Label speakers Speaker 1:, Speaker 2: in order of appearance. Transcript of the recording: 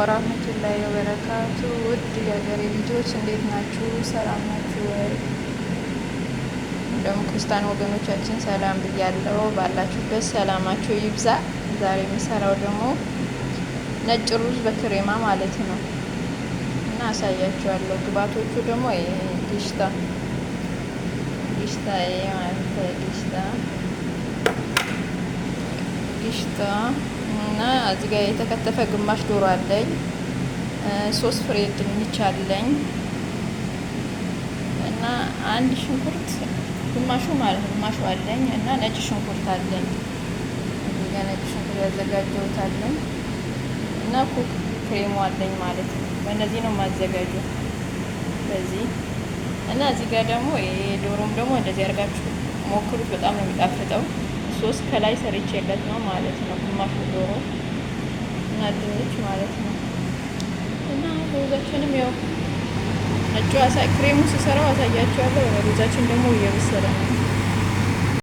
Speaker 1: ወራህመቱላሂ ወበረካቱ ውድ የሀገሬ ልጆች እንዴት ናችሁ? ሰላም ናችሁ ወይ? እንደውም ክርስቲያን ወገኖቻችን ሰላም ብያለው። ባላችሁበት ሰላማችሁ ይብዛ። ዛሬ የምሰራው ደግሞ ነጭ ሩዝ በክሬማ ማለት ነው እና አሳያችኋለሁ። ግባቶቹ ደግሞ ዲሽታ ዲሽታ ማለት ዲሽታ ሽታ እና እዚህ ጋር የተከተፈ ግማሽ ዶሮ አለኝ። ሶስት ፍሬ ድንች አለኝ እና አንድ ሽንኩርት ግማሹ ማለት ግማሹ አለኝ እና ነጭ ሽንኩርት አለኝ። እዚህ ጋር ነጭ ሽንኩርት ያዘጋጀሁት አለኝ እና ኩክ ክሬሙ አለኝ ማለት ነው። በእነዚህ ነው የማዘጋጀው በዚህ እና እዚህ ጋር ደግሞ ዶሮም ደግሞ እንደዚህ አድርጋችሁ ሞክሩት። በጣም ነው የሚጣፍጠው። ሶስት ከላይ ሰርቼለት ነው ማለት ነው። ግማሹ ዶሮ እና ድንች ማለት ነው። እና ሩዛችንም ያው ነጩ ክሬሙ ስሰራው አሳያቸዋለሁ። ሩዛችን ደግሞ እየበሰለ ነው።